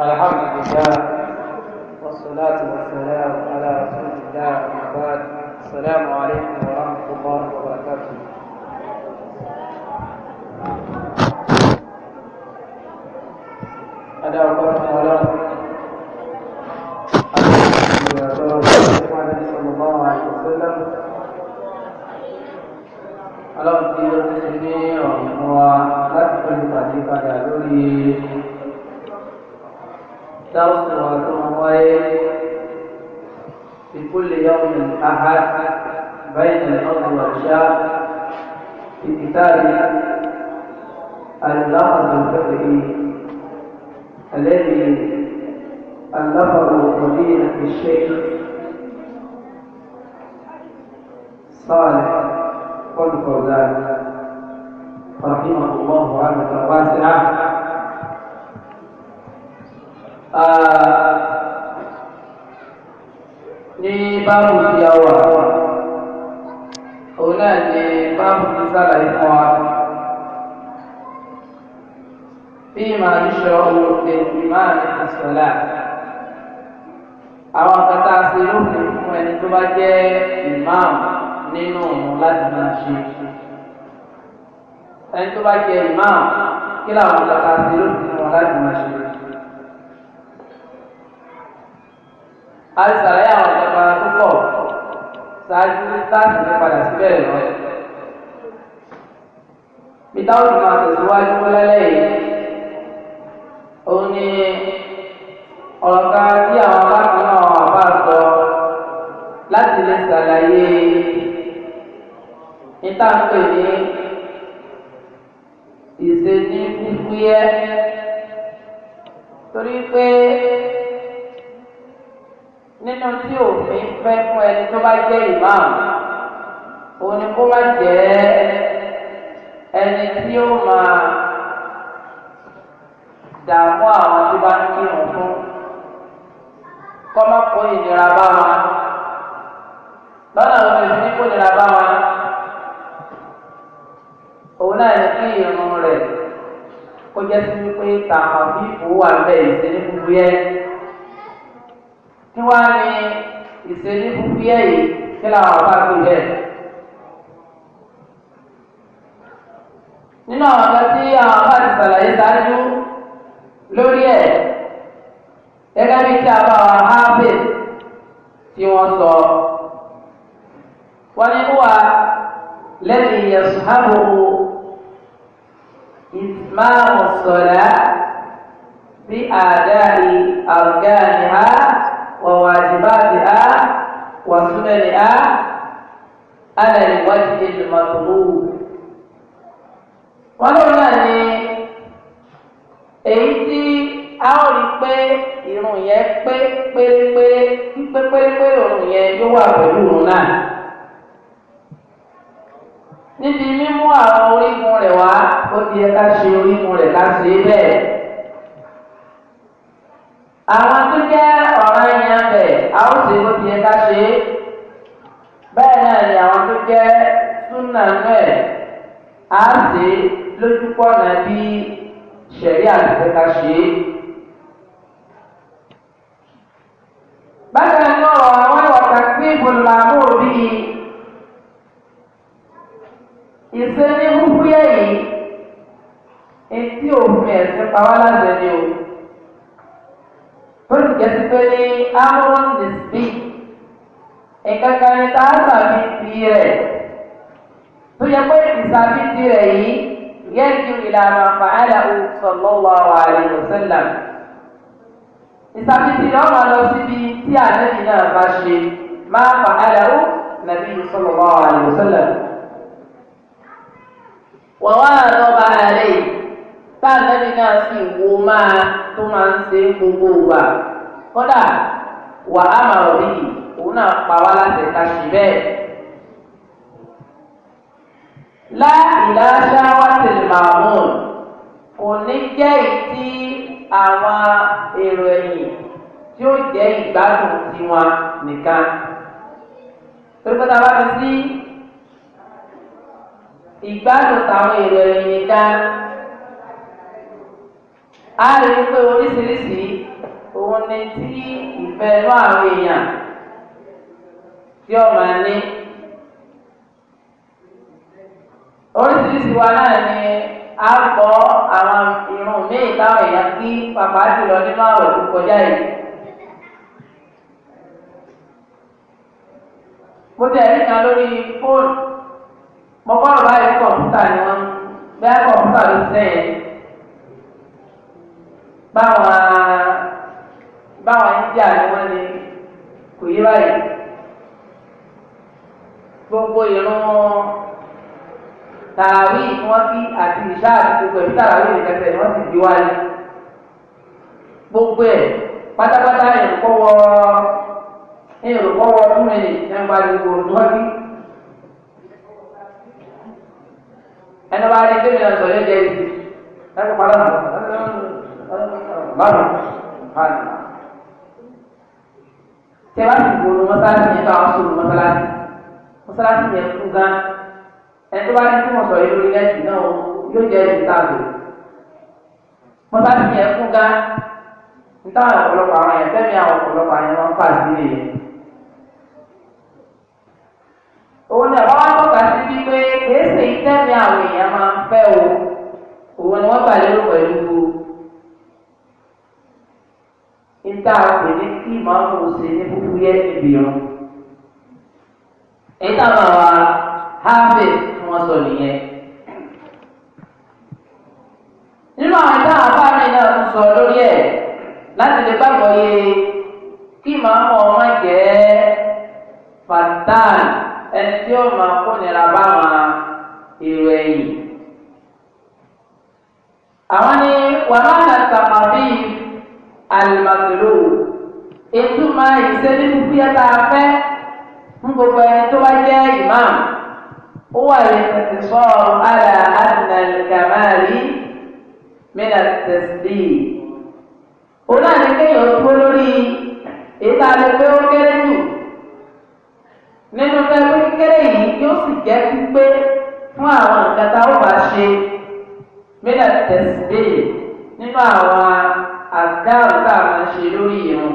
الحمد لله والصلاة والسلام على رسول الله وبعد السلام عليكم ورحمة الله وبركاته أنا أقول لك صلى الله عليه وسلم Kalau dia sendiri, orang tua, kan pun tadi pada duri مرتين في كل يوم أحد بين الأرض والعشاء في كتاب اللفظ الفقهي الذي ألفه مدينة الشيخ صالح بن فوزان رحمه الله رحمة واسعة آه ní báàbù tí a wà òun náà ní báàbù tí sàlàyé fún wa bí màá ní sọ ohun lè máa ní àsọlá àwọn kata ṣe lófin fún ẹni tó bá jẹ ìmáàmù nínú òun láti máa ṣe ẹni tó bá jẹ ìmáàmù kí làwọn kata ṣe lófin fún wọn láti máa ṣe. àìsàn ayé àwọn kata pọ̀ ṣáájú láti lè padà síbẹ̀ lọ. Peter ó ti máa tẹ̀síwájú lẹ́lẹ́ yìí. Òun ni ọ̀rọ̀ kan tí àwọn bákan náà wà bá sọ láti lè ṣàlàyé ìtàkùn ní ìṣe ní fífúyẹ́ torí pé nínú tí òfin fẹ́ fún ẹni tó bá jẹ́ ìmáàmù òun ni kó má jẹ́ ẹni tí ó máa dààmú àwọn tó bá ń kírun fún kọ́ má kó ìnira bá wọn lọ́nà òun lè fi kó ìnira bá wọn òun náà ní kí irun rẹ̀ kó jẹ́ sí wípé tààmù bí ìfowó àgbẹ̀ ìsinmi gbogbo yẹn tí wá ní ìṣèlú fúfúyẹ́ yìí kí làwọn ọba tó bẹ̀. nínú àwọn ọ̀gá tí àwọn ọba ti sàlàyé ṣáájú lórí ẹ̀ gẹ́gẹ́ bí tí a bá wa hábẹ̀ tí wọ́n sọ. wọ́n ní wà lẹ́yìn ìyẹ̀sùn hábòhò ìsmáàmù bí àdáyé àrùgáàmì háà. وواجباتها وسننها على الوجه المطلوب ولو أني أنتي a ó rí i pé irun yẹn pé pérépéré pípé pérépéré irun yẹn yóò wà pẹ̀lú irun náà. níbi mímú àwọn orígun rẹ̀ wá ó di ẹ̀ka ṣe orígun rẹ̀ ká ṣe é bẹ́ẹ̀ àwọn tó jẹ́ ọ̀ràn ẹ̀yàn bẹ̀ a ó sì bó ti yẹ ká ṣe é bẹ́ẹ̀ náà ni àwọn tó jẹ́ súnà náà a sì lójúpọ̀ náà bí ṣẹ̀rí àtẹ̀fẹ́ ká ṣe é. bákan náà àwọn ìwọ̀ta pín ìbùnlá mú òbí ìṣe ní húhúyẹ́ yìí etí òfin ẹ̀sìn pa wá láti ẹni o tó sì jẹ́ pé amúrún ní sí nǹkan kan ní tá a sàbí ti rẹ̀ tó yẹ pé ìsàbí ti rẹ̀ yìí yẹ́njú ìlànà fàálà sallallahu alaihi wasallam ìsàbí ti rẹ̀ ọmọ lọ síbi tí àlejò náà bá ṣe máa fàálà nàbí sallallahu alaihi wasallam wàhálà lọ́ba àlejò táàlẹ́bí náà sì wo máa tó máa ń ṣe gbogbo wa kódà wà á máa rí òun náà pa wá láti ẹ̀ka sí bẹ́ẹ̀. láìlá ṣáwátì màmúù kò ní jẹ́ ìtí àwọn èrò ẹ̀yìn tí ó jẹ́ ìgbádùn tiwọn nìkan. torí pé tá a bá fi sí ìgbádùn táwọn èrò ẹ̀yìn nìkan. a rí pé oríṣiríṣi òun ni tí ìfẹ́ inú àwọn èèyàn tí ọmọ ní. oríṣiríṣi wa náà ni a gbọ́ àwọn irun míì táwọn èèyàn kí pàpà jùlọ nínú tó kọjá yìí. mo ti ẹ̀rí kan lórí fóònù mo kọ́ ọ̀rọ̀ báyìí kọ̀ǹpútà ni wọ́n bẹ́ẹ̀ kọ̀ǹpútà ló sẹ́yìn. báwọn báwọn india ni wọ́n ní kò yé báyìí gbogbo ìrún tààrí wọ́n fi àti ìṣáàbí gbogbo ẹ̀ tààrí ìrẹsẹ̀ ni wọ́n sì fi wáyé gbogbo ẹ̀ pátápátá ìrùkọ́wọ́ ìrùkọ́wọ́ two minutes nípa gbogbo ìrùkọ́wọ́ ẹni bá rí kébìnrin sọ̀rọ̀ ẹ̀jẹ̀ yìí lẹ́nu padà nù lọ́nà ìbánu. tẹ́wájú gbòòrò mọ́sálásí yẹn káwọn sóòrò mọ́sálásí mọ́sálásí yẹn kú gan ẹni tó bá ní kí wọ́n sọ yìí lórí lẹ́sìn náà yóò jẹ́ ìtàgé mọ́sálásí yẹn kú gan nítawọn ọ̀pọ̀lọpọ̀ àwọn yẹn fẹ́mi àwọn ọ̀pọ̀lọpọ̀ àwọn yẹn wọ́n fà sí ilé yẹn. òun ni àwọn akọ́kà sí wípé kèése ìtẹ́mi àwọn èèyàn máa ń fẹ́ o òun ni wọ́n gbà lérò pẹ̀lú níta àpè ní kí màmú ṣe ní kúkú yẹ níbi irun níta màmá hábẹ tí wọn sọ nìyẹn nínú àwọn ìta àbámi náà ń sọ lórí ẹ láti lè gbàgbọ́ yé kí màmú ọmọ jẹ fatal ẹni tí ó máa kó nira bá wọn èrò ẹ̀yìn àwọn ni wàhálà tàbí àlùmọ̀tòló ìtumọ̀ ìṣe nínú bí ẹ bá fẹ́ ń gbogbo ẹni tó bá jẹ́ imam ó wà lè tètè sọ̀rọ̀ àlà àdìnà ìkàmáàrí mẹ́ta tẹ̀sílì. òun náà ní kéèyàn dúró lórí ìta lè pé ó kéré jù nínú fẹ́ pé kéré yìí yóò sì jẹ́ pípé fún àwọn nǹkan tá ó bá ṣe mẹ́ta tẹ̀sílì nínú àwọn àdáàrú tá a máa ṣe lórí ìrun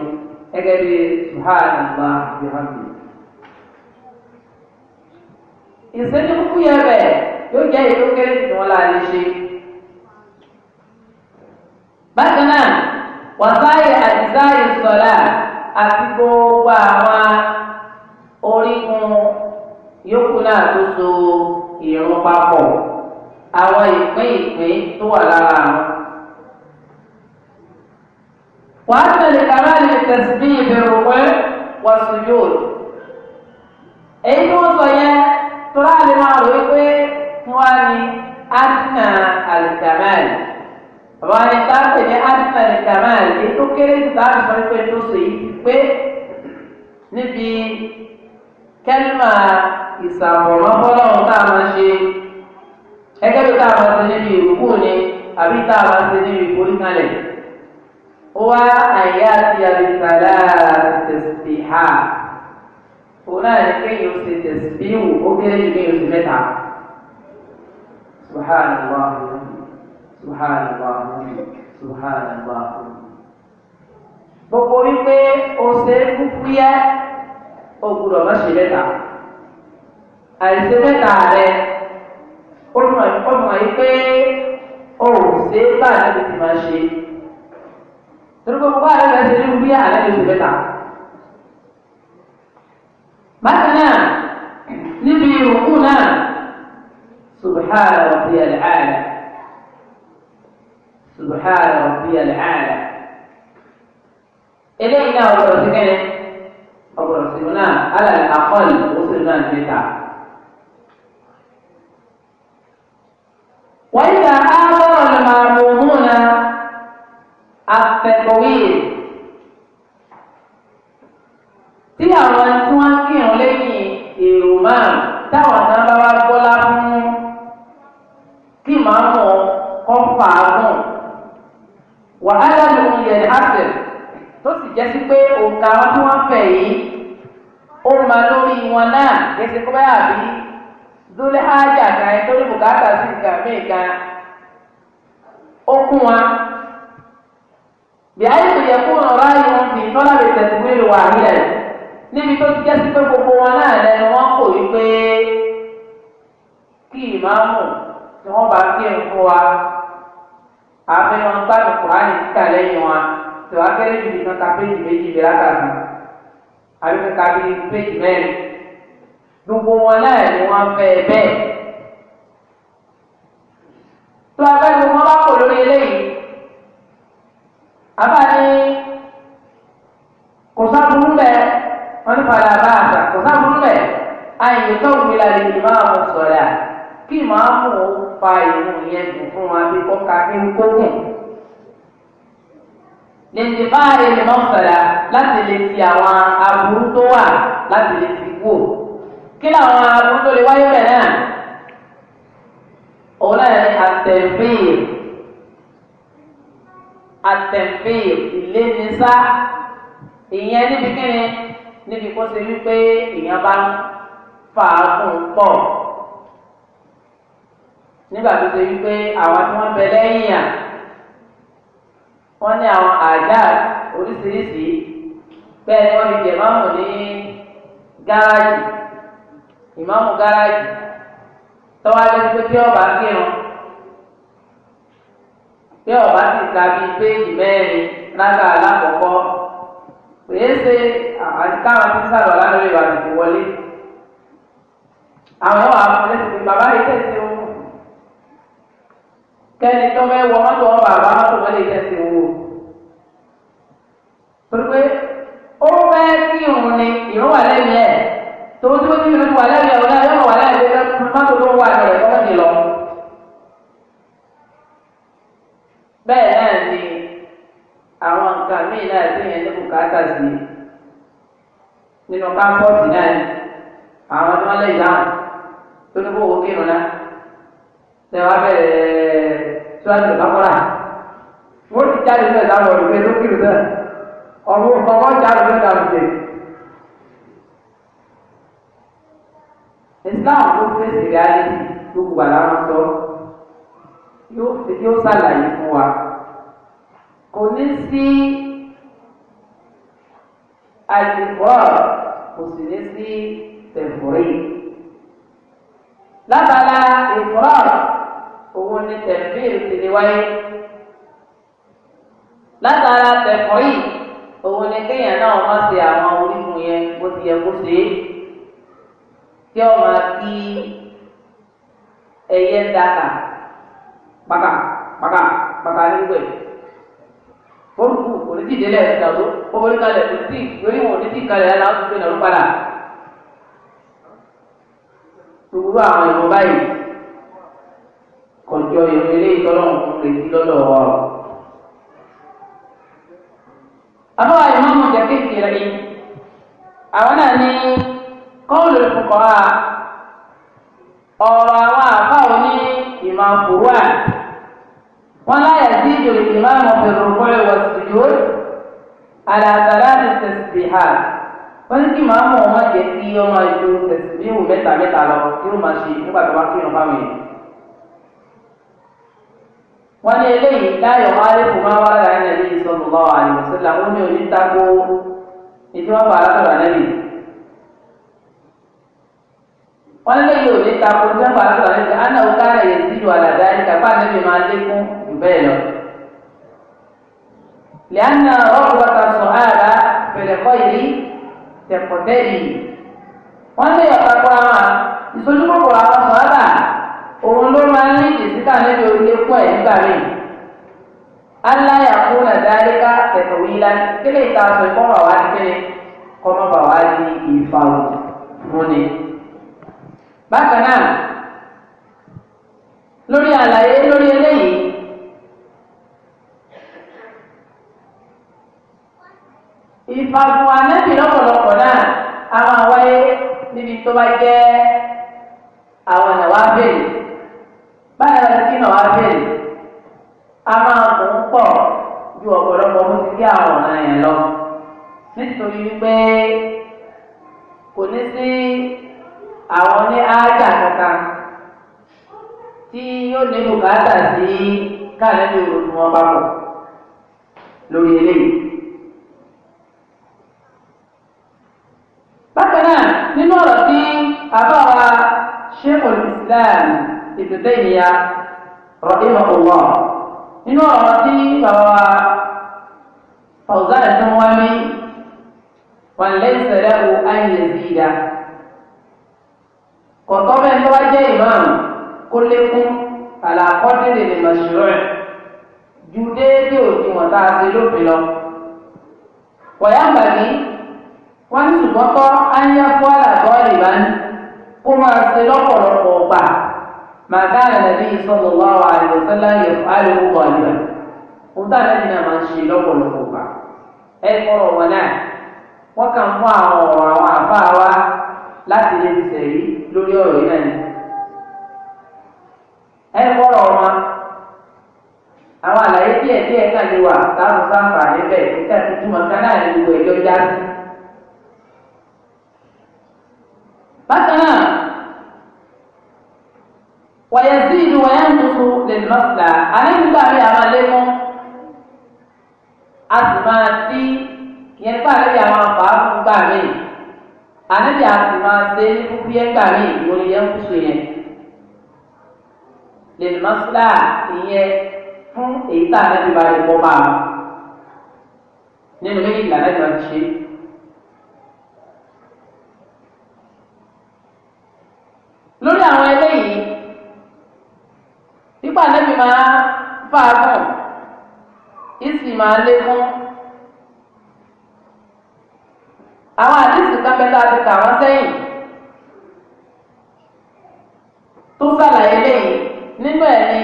gẹ́gẹ́ bí subhanallah bihamdi. ìṣẹ́jú kúkú yẹn bẹ̀ yóò jẹ́ ìlú kéré tí wọ́n láàyè ṣe. bákan náà wàsáyé àdìsáyé sọ̀lá àti gbogbo àwọn orígun yòókù náà tó so ìrun papọ̀ àwọn ìpín ìpín tó wà lára àwọn. وأن لكمال التسبيح بالركوع والسجود èyí tí wọ́n sọ yẹn tóra lè máa rò wípé wọ́n á ní adina alikamal àwọn ẹni tá a pè ní adina alikamal èyí tó kéré jù tá a sọ wípé tó sọ yìí ti pé níbi kẹ́límà ìsàmọ̀mọ́fọ́lọ́ tá a máa ṣe gẹ́gẹ́ bí tá a máa ṣe níbi ìrùkù ni àbí tá a máa ṣe níbi ìforíkalẹ̀. هو أن يأتي بثلاث تسبيحات هنا كي يوصي تسبيح وكي يوصي متعة سبحان الله سبحان الله سبحان الله gbogbo wípé ọsẹ kúkú yẹ ògùrọ̀ má ṣe mẹ́ta àìsí mẹ́ta rẹ ó mọ̀ yí pé ọ̀hún ṣe bá a níbi tí máa ṣe. تركوا مقالة أسئلهم بيها على أنهم بتاع مثلا نبي يقولنا سبحان ربي العالى سبحان ربي العالى إلينا وترسكنا وترسكنا على الأقل وصلنا بتاع وإذا آمر المعمومون àfẹ̀kọ̀wéyè tí àwọn tí á kírun lẹ́yìn èrò máa táwọn náà bá wá gbọ́lá fún kí màmú kọ́ fàágùn wàhálà ló ń yẹ tó sì jẹ́ sí pé òǹkà yìí ó ma lórí wọn náà kéṣe kó bá dúlé ájà kan tó ní bùkátà sí ó kún بحيث يكون رأيهم في طلب التدوير واحدا níbi tó ti jásí pé gbogbo wọn náà lẹ́nu wọn kò rí pé kí ìmáàmù tí wọ́n bá kí ń fún wa àfihàn gbádùn kùránì kíkà lẹ́yìn wa tí wàá kẹ́rẹ́ ju nìkan ka abáni kò sábúrú bẹ wọn ní padà bá àgbà kò sábúrú bẹ àyè tó ń gbéra lè má wọn sọ̀rọ̀ à kí màá mú o fa ìlú yẹn dùn fún wa bí kò ká kí n kó gùn lèdè báyìí lè má sọ̀rọ̀ láti lè fi àwọn aburú tó wà láti lè fi wò kí làwọn aburú tó lè wáyé bẹ̀ náà òun náà ni àtẹ̀fíì àtẹ̀fín ìlénisá ìyẹn níbi kíni níbi kó ṣe wípé èèyàn bá ń fàákùn pọ̀ nígbà tó ṣe wípé àwọn tí wọ́n bẹ lẹ́yìn à wọ́n ní àwọn àjà oríṣiríṣi bẹ́ẹ̀ ni wọ́n fi jẹ̀ máàmù ní gáràjì ìmáàmù gáràjì tọ́wájú pé kí ọba kírun pé ọba ti ka bíi péjì mẹ́rin lága alákọ̀ọ́kọ́ kòyé ṣe àtàwọn tí sábà lálẹ́ ìwà tètè wọlé àwọn àwọn afọlẹ́ ti fi bàbá yìí tẹ̀sí o kẹ́ni tó fẹ́ wọ mọ́tò wọn bàbá mọ́tò wọn lè tẹ̀sí o torí pé ó fẹ́ kí irun ni irun wà lẹ́yìn ẹ̀ tó tó ti irun wà lẹ́yìn ẹ̀ ọ̀gá yóò wà lẹ́yìn ẹ̀ mọ́tò tó wà lẹ́yìn ẹ̀ kápọ́ọ̀sì náà ni àwọn tí wọ́n lé ìdáhùn tó ní kó wò kírun náà ṣe wá bẹ̀rẹ̀ tíwájú ìbámọ́ra wọ́n ti jáde náà dáhùn ọ̀dùnkẹ́ ló kírun náà ọ̀run ọmọ jáde náà dáhùn Islam ló fèsì rí ayé gbogbo àlàáfíà sọ yóò ṣàlàyé fún wa kò ní sí àlùkò kò sì ní sí tẹ̀fùrí. lábala ìfúrọ̀rọ̀ òun ni tẹ̀fìrì ti lè wáyé. látara tẹ̀fùrí òun ni kéèyàn náà wọ́n ṣe àwọn orígun yẹn bó ti yẹ kó ṣe é. tí ó máa kí ẹyẹ dáka pàkà pàkà pàkà nígbẹ̀ẹ́ orúkú kò ní dìde lẹ́ẹ̀ta ló ó borí kalẹ̀ kò tí lórí wọn ò ní tí kalẹ̀ yàrá ó ti gbé nàró padà. gbogbo àwọn ìwọ báyìí kọjọ ìwé ilé ìtọ́lọ́hún fún retí lọ́dọ̀ wa. àbáwá ìmọ̀mọ̀ jẹ́kẹ́ ìkìlẹ̀ yìí àwọn náà ní kọ́ọ̀lù ìfọkọ̀ ọ̀rọ̀ àwọn àbáwọ̀ ní ìmọ̀ àkùrọ̀ àti. ولا يزيد الإمام في الركوع والسجود على ثلاث تسبيحات wọ́n ní kí màámu ọmọ jẹ́ kí ọmọ ju tẹ̀síbíhù mẹ́ta mẹ́ta lọ kí ó máa ṣe nígbà tó bá kírun fáwọn èèyàn. wọ́n ní eléyìí láyọ̀ arékù máa wá lára ẹni ẹ̀lẹ́yìn sọ̀rọ̀ lọ́wọ́ àlùmọ́sílà ó ní onítàkó ìdíwọ́pọ̀ alákọ̀ọ́lá lẹ́yìn. wọ́n ní lẹ́yìn onítàkó ìdíwọ́pọ̀ alákọ̀ọ́lá lẹ́yìn anáwó káyà yẹ sílùú àlàdá ẹ̀ka bẹ́ẹ̀ lọ. lẹ́yìn rọ́gbọ́ta sọ ààrà pẹ̀lẹ́kọ́ yìí tẹ̀kọ̀tẹ́ yìí wọ́n lè ọ̀pọ̀pọ̀ àwọn ìsojúkòkò àwọn sọ̀rọ̀ òun ló máa ń ní ìsíkà níbi orílẹ̀ fún ẹ̀ nígbà míì. aláyà fún nàdáríkà tẹ̀kọ̀wé lánàá ìfagun anẹ́bí lọ́pọ̀lọpọ̀ náà a máa wáyé níbi tó bá jẹ́ àwọn ìnáwó abẹ́rẹ́ báyọ̀ láti kí ìnáwó abẹ́rẹ́ a máa kó ń pọ̀ ju ọ̀pọ̀lọpọ̀ mú sí àwọn ọ̀nà yẹn lọ nítorí wípé kò ní sí àwọn ní ájà kankan tí yóò ní bùkátà sí káàlẹ́ ní òòlù wọn papọ̀ lórí eléyìí. nínú ọ̀rọ̀ tí àbáwa sheikhul islam ìtẹ̀tẹ̀ ìyá rahimahullah nínú ọ̀rọ̀ tí bàbá fawzan tó wá mí wọn lè sẹ̀rẹ̀ o ayé zida kọ̀tọ́ bẹ́ẹ̀ tó bá jẹ́ imam kó lékún àlàkọ́dé lè mọ̀ṣúrẹ̀ ju déédéé òdiwọ̀n tá a ṣe lópin lọ. wọ̀nyá gbàgbé wọ́n ní ìgbọ́kọ́ ányá kwara bọ́ọ̀lì bá ní kó máa ṣe lọ́pọ̀lọpọ̀ gbà màá dáhà nàbí sallallahu alaihi wasallam aliwo bọ́ọ̀lì bá òun tá àlẹ́ nìyà máa ń ṣe lọ́pọ̀lọpọ̀ gbà ẹ kọ́rọ̀ àwọn àlàyé díẹ̀ díẹ̀ táwọn sáǹfà níbẹ̀ nígbà tí túmọ̀ náà lè wọ ẹjọ́ já bákan náà wọ̀yẹ̀ sí ìlú wọ̀yẹ̀ ń tuntun lè lọ́sìlá àlébùgbà rí àwọn lémú a sì máa dí yẹn gbà rí àwọn àfààfù gbà mí àlébì a sì máa ṣe fúfúyẹ́ gbà mí lórí yẹn kùsù yẹn lè lọ́sìlá ìyẹn fún èyí tá àlébì bá rí pọ́ máa nínú méjìlá lẹ́gbẹ̀ẹ́ ṣe. lórí àwọn eléyìí nípa nẹ́bí máa fàágùn ìsì máa lékún àwọn àdìsí kápẹ́tà ti kà wọ́n sẹ́yìn tó sàlàyé lẹ́yìn nínú ẹ̀ ni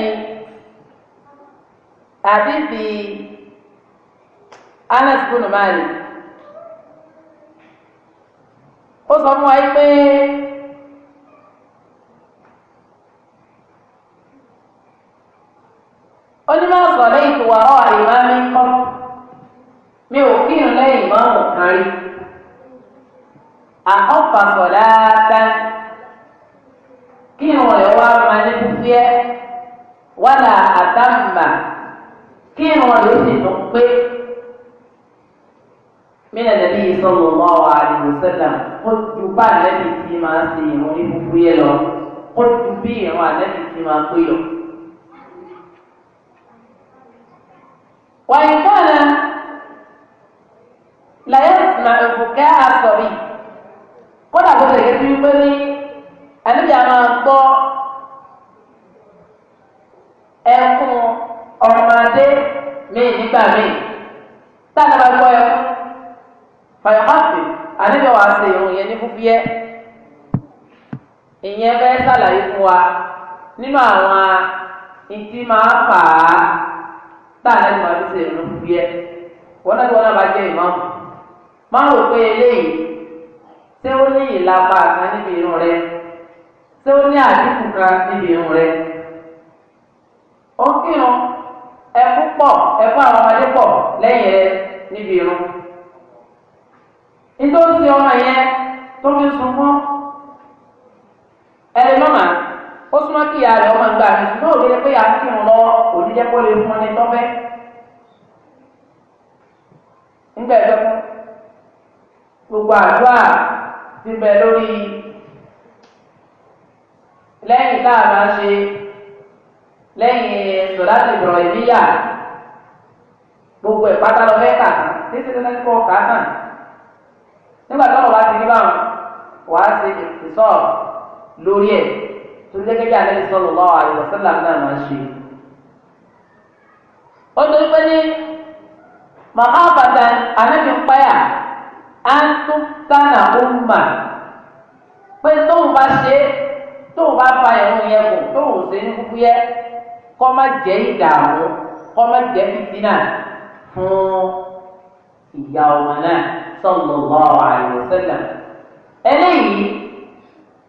àdìsí alex bunu Malik ó sọ fún wa yìí pé. ó ní máa sọ lẹ́yìn tó wà ọ́ àríwá mi kọ́ mi ò kírun lẹ́yìn ìmáàmù kan rí àkọ́fà sọ dáadáa kírun rẹ̀ wá máa ní fúfúyẹ́ wàlà àtàmbà kírun rẹ̀ ó sì tún pé mina nabi sallallahu alaihi wasallam kótó bá anabi tí máa ṣe ìrún ní fúfúyẹ́ lọ kótó bí ìrún anabi tí máa pé lọ. وإن كان لا يسمع بكاء الصبي kódà bó ṣe yẹ fi pé ní ẹnìjà máa gbọ́ ẹkún ọmọdé míì nígbà míì táwọn bá gbọ́ ẹkún fàyọmọ́sì àníbẹ̀ wàá ṣe ìrùn yẹn ní fúfúyẹ́ ìyẹn fẹ́ ṣàlàyé fún wa nínú àwọn ìdí máa fà á táà lẹ́nu máa fi ṣe ìrún fún yẹ wọn náà tí wọn náà bá jẹ ìmáàmù máa rò pé eléyìí ṣé ó ní ìlàpá kan níbi irun rẹ ṣé ó ní àdínkù kan níbi irun rẹ ó kírun ẹkú pọ̀ ẹkú àwọn ọmọdé pọ̀ lẹ́yìn rẹ níbi irun nítorí ọmọ yẹn tó fi sunkún ẹni lọ́màá ó súnmọ́ kí ìyá rẹ̀ ọmọ ìgbà rẹ̀ ṣùgbọ́n òní jẹ́ pé à ń kírun lọ òní jẹ́ kó lè fún ọ ní tọ́fẹ́ nígbà ẹ̀fẹ́ fún gbogbo àdúrà ti bẹ lórí lẹ́yìn tá a máa ṣe lẹ́yìn sọ̀dáàtì ìbọ̀rọ̀ ìbíyà gbogbo ẹ̀ pátá lọ mẹ́ta ní ti tẹ́tẹ́ kọ́ ọ̀ká náà nígbà tó ọ̀rọ̀ bá ti ní báwọn wàá ṣe ìsọ̀rọ̀ lórí ẹ̀ tó gẹ́gẹ́ bí alẹ́ sọ̀rọ̀ lọ́wọ́ àríwọ̀ sẹ́là náà máa ń ṣe. ó torí pé ní màmá àbàtà anábì ń páyà á ń tún tánà ó ń mà pé tóun bá ṣe é tóun bá fa ẹ̀rùn yẹn kù tóun ṣe ní kúkú yẹ kọ́ má jẹ́ ìdààmú kọ́ má jẹ́ fìtínà fún ìyá ọmọ náà sọ̀rọ̀ lọ́wọ́ àríwọ̀ sẹ́là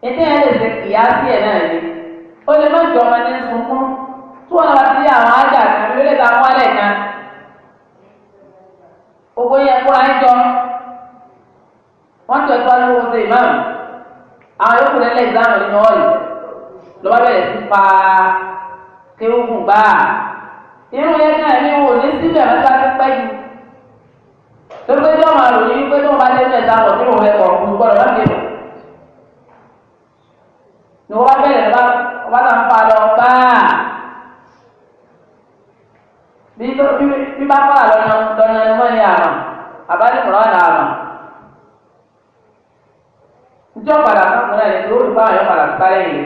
ètò yẹn lè ṣe kìyà sí ẹ̀ náà ni ó lè má jọ ọmọ ní sunkún tí wọn lọ sí àwọn ájà kan ló lè ta wọn lẹ̀ kan gbogbo yẹn kó láyé jọ wọn tó ẹ̀kọ́ lówó ṣe ìmáàmù àwọn yòókù lẹ́lẹ́ ìdáhùn nínú ọ̀lù lọ́wọ́ bẹ̀rẹ̀ sí pa kéwùkùn gbáà irun yẹn náà ni wò ní síbẹ̀ mẹ́ta ti pẹ́ yìí lórí pé tí wọ́n máa lò ní wípé tí wọ́n bá dé ní ẹ̀ta pọ̀ nínú ẹ̀kọ́ gbọ́dọ̀ lọ́kẹ́ ni wọ́n bẹ̀rẹ̀ bá ọba náà ń pa lọ báà bí ni wọ́n ní ni lórí bá àyọ̀ padà sáré yìí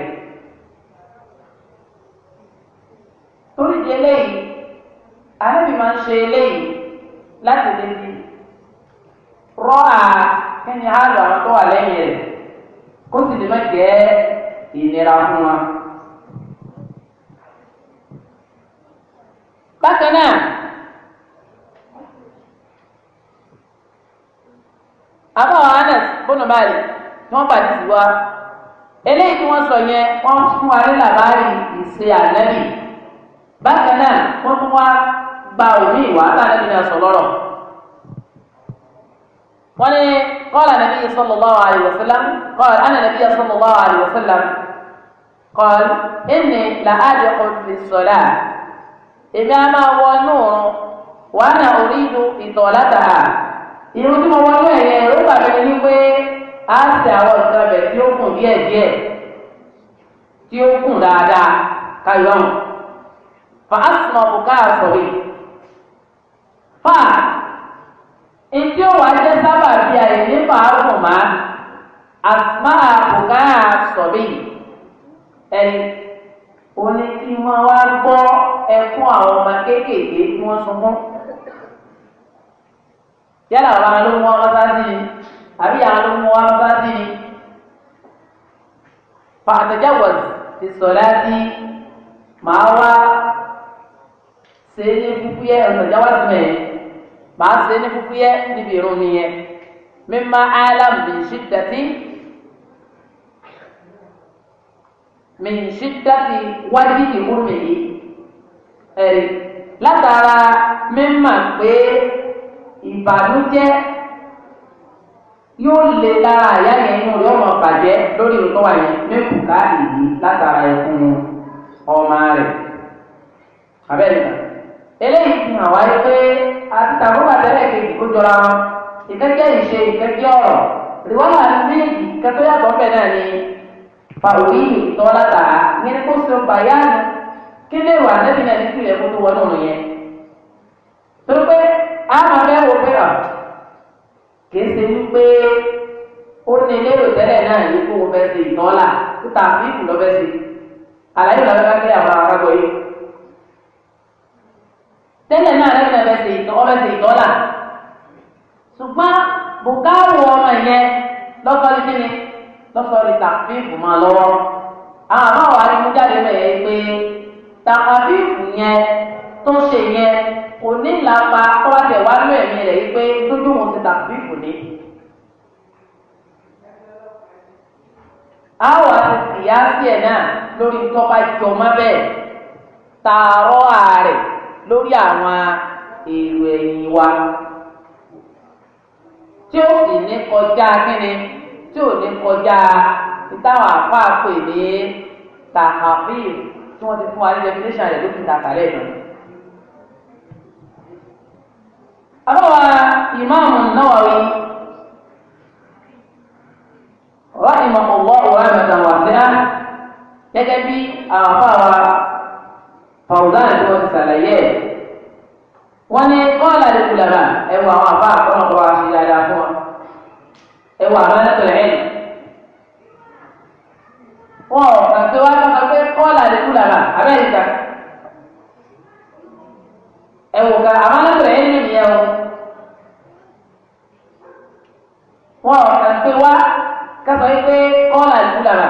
torí di eléyìí àrẹ́bí máa ń ṣe eléyìí láti lè fi rọ́ à kí ni á lọ àwọn tó wà lẹ́yìn rẹ̀ ìnira fún wọn. bákan náà àbáwọ̀ Anas bọ́nà báyìí ni wọ́n pàdé sí wa eléyìí tí wọ́n sọ yẹn wọ́n fún wa ní làbárí ìṣe àlẹ́bì bákan náà wọ́n tún wá gba òmíì wá tá a lẹ́bi sọ lọ́rọ̀. وني قال النبي صَلَّى اللَّهُ عَلَيْهِ وسلم قال أنا النبي صلى الله عليه وسلم قال إني لأدخل في الصلاة إذا ما ونور وأنا أريد إطالتها irun tí mo wọnú ẹ yẹn ó gbà mí ní pé á ṣe àwọn nǹkan rẹ tí ntí òwò ajé sábà bí ayé nípa àgùnmá asmá àbùká sọ̀bí ẹni òní kí wọ́n wá gbọ́ ẹkún àwọn ọmọ kéékèèké tí wọ́n sunkún yálà àwọn ló mú wọn bá sí i àbí àwọn ló mú wọn bá sí i ti sọlá sí màá wá ṣe é ní kúkú yẹ ọ̀sán màá ṣe ní fúfúyẹ́ níbi irun mi yẹn mímá álámù bí ṣídàtì mi ṣídàtì wájú ìmú mi yìí ẹ̀rí látara mímà pé ìbànújẹ́ yóò lè lára àyà yẹn inú rẹ̀ ọmọ lórí nǹkan wà yẹn mẹ́kùn èyí látara ẹkún ọmọ rẹ̀ abẹ́rẹ́ náà eléyìí fi hàn wáyé pé àti tàbúrò tẹ́lẹ̀ kejì kó jọra wọn ìkẹ́kẹ́ ìṣe ìkẹ́kẹ́ ọ̀rọ̀ rìwọ́nà méjì kẹ́kẹ́ yàtọ̀ ọ̀fẹ́ náà ni fàwí ìtọ́látà nínú kó so bàyáàni kí lè wà nẹ́bí náà ní kílẹ̀ kó tó wọnú òun yẹn. torí pé a máa bẹ́ẹ̀ wo pé à kìí ṣe wípé ó ní lérò tẹ́lẹ̀ náà ní kó wọ́n fẹ́ ṣe ìtọ́lá kó tàbí ìkùlọ́ fẹ́ ṣe àlàyé ìlànà kí àwọn arábọ̀ tẹ́lẹ̀ náà lẹ́nu ẹ̀fẹ́ ṣe ìtọ́ ọ̀fẹ́ ṣe ìtọ́ là ṣùgbọ́n bùkárù ọmọ yẹn lọ́kọ́lí kí ni lọ́kọ́lí tàfíìfù máa lọ́wọ́ àwọn àmọ́ wàá rí mú jáde bẹ́ẹ̀ pé tàfíìfù yẹn tó ṣe yẹn kò ní ìlàpá tó wá tẹ̀ wá lú ẹ̀mí rẹ̀ pé dójú wọn ti tàfíìfù ni. àwọn àti tìyá sí ẹ̀ náà lórí tọ́ba jọmọ́ bẹ́ẹ̀ tààrọ́ ààrẹ̀ lórí àwọn èrò ẹ̀yìn wa tí ó sì ní kọjá kíni tí ò ní kọjá ìtawà àpáàpè ní tàhàfíì tí wọ́n ti fún wa ní definition rẹ̀ ló fi tàkàlẹ̀ lọ. àbáwá ìmáàmù Nawawi rahimahullah rahmatan wasi'a gẹ́gẹ́ bí àwọn afáwa fàwùdán ni wọ́n ti sàlàyé ẹ̀. wọ́n ní kọ́ọ̀lá ní kùlàmà ẹ wọ àwọn àbá àkọ́nà tó wá sí dáadáa fún wọn ẹ wọ àwọn ẹlẹ́kọ̀ọ́ ẹ̀. wọ́n kàgbé wá kàgbé pé kọ́ọ̀lá ní kùlàmà abẹ́ẹ̀dìgbà. ẹ wọ ká àwọn ẹlẹ́kọ̀ọ́ ẹ̀ ní ìyẹn o. wọ́n kàgbé wá kàgbé pé kọ́ọ̀lá ní kùlàmà.